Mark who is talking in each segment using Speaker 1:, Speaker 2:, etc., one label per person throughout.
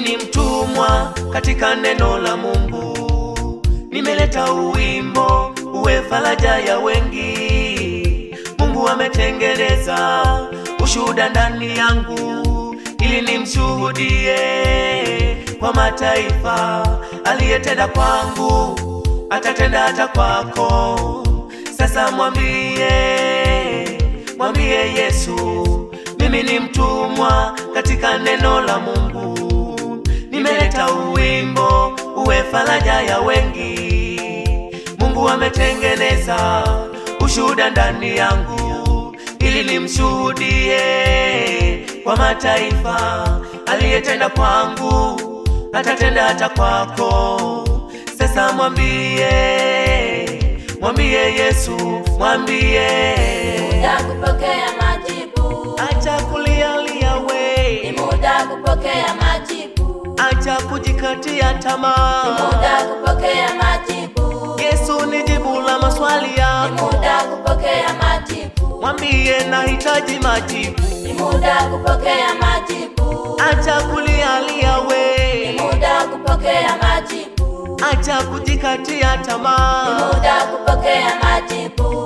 Speaker 1: ni mtumwa katika neno la Mungu, nimeleta uwimbo uwe faraja ya wengi. Mungu ametengeneza ushuhuda ndani yangu, ili nimshuhudie kwa mataifa. Aliyetenda kwangu atatenda hata kwako. Sasa mwambie, mwambie Yesu, mimi ni mtumwa katika neno la Mungu nimeleta uwimbo uwe faraja ya wengi. Mungu ametengeneza ushuhuda ndani yangu ili nimshuhudie kwa mataifa. Aliyetenda kwangu atatenda hata kwako. Sasa mwambie, mwambie Yesu, mwambie nakupokea Acha kujikatia tamaa, ni muda kupokea majibu. Yesu ni jibu la maswali yako, ni muda kupokea majibu. Mwambie nahitaji majibu, ni muda kupokea majibu. Acha kulialia we, ni muda kupokea majibu. Acha kujikatia tamaa, ni muda kupokea majibu.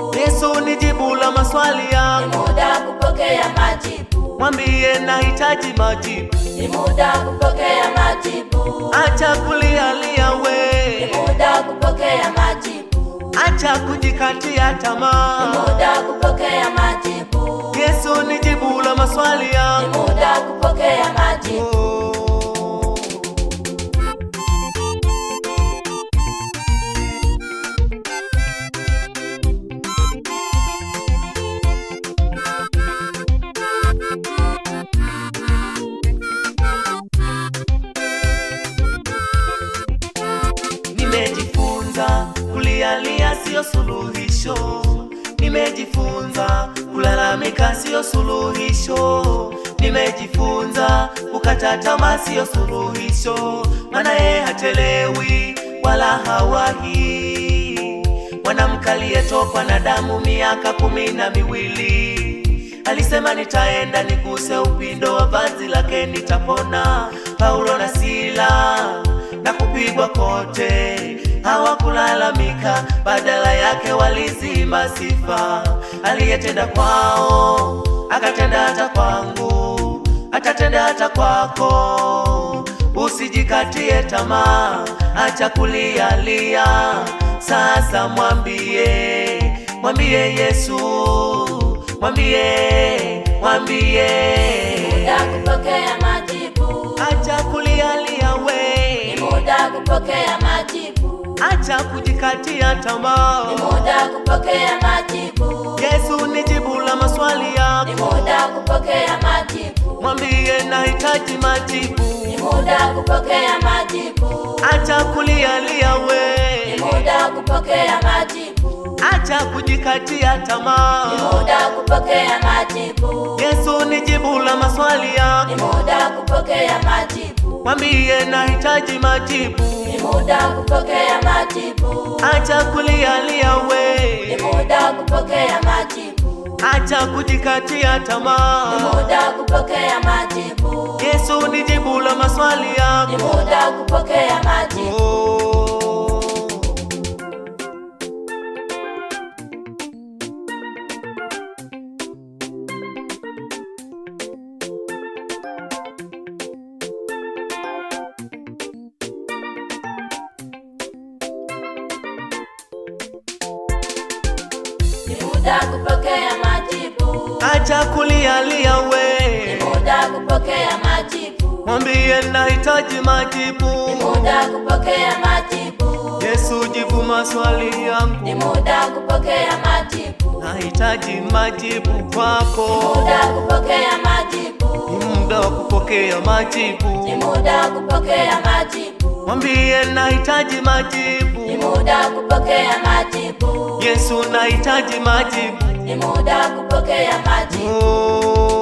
Speaker 1: mwambie nahitaji majibu. Ni muda kupokea majibu. Acha kulialia we. Ni muda kupokea majibu. Acha kujikatia tamaa. Ni muda kupokea majibu. Yesu ni jibu la maswali yangu. sio suluhisho, nimejifunza kulalamika sio suluhisho, nimejifunza kukata tamaa sio suluhisho, maana yeye hachelewi wala hawahi. Mwanamke aliyetokwa na damu miaka kumi na miwili alisema nitaenda niguse upindo wa vazi lake nitapona. Paulo na Sila na kupigwa kote hawakulalamika, badala yake walizima sifa. Aliyetenda kwao akatenda hata kwangu, atatenda hata kwako. Usijikatie tamaa, acha kulialia sasa. Mwambie, mwambie Yesu, mwambie, mwambie Acha kulialia we, ni muda kupokea majibu acha kujikatia tamaa. Ni muda kupokea majibu. Yesu ni jibu la maswali yako. Ni muda kupokea majibu. Mwambie nahitaji majibu. Ni muda kupokea majibu. Acha kulialia we. Ni muda kupokea majibu. Acha kujikatia tamaa. Ni muda kupokea majibu. Yesu ni jibu la maswali yako. Ni muda kupokea majibu. Mwambie nahitaji majibu. Ni muda kupokea majibu acha kulialia we, ni muda kupokea majibu. Acha kujikatia tamaa, ni muda kupokea majibu. Yesu ni jibu la maswali yako, ni muda kupokea majibu. Oh. muda kupokea majibu. Acha kulialia we, ni muda kupokea majibu. Mwambie nahitaji majibu, ni muda kupokea majibu. Yesu, jibu maswali yangu, ni muda kupokea majibu. Nahitaji majibu kwako, ni muda kupokea majibu. Ni muda kupokea majibu, ni muda kupokea majibu. Mwambie nahitaji majibu, ni muda kupokea majibu. Yesu, nahitaji maji ni muda kupokea majibu.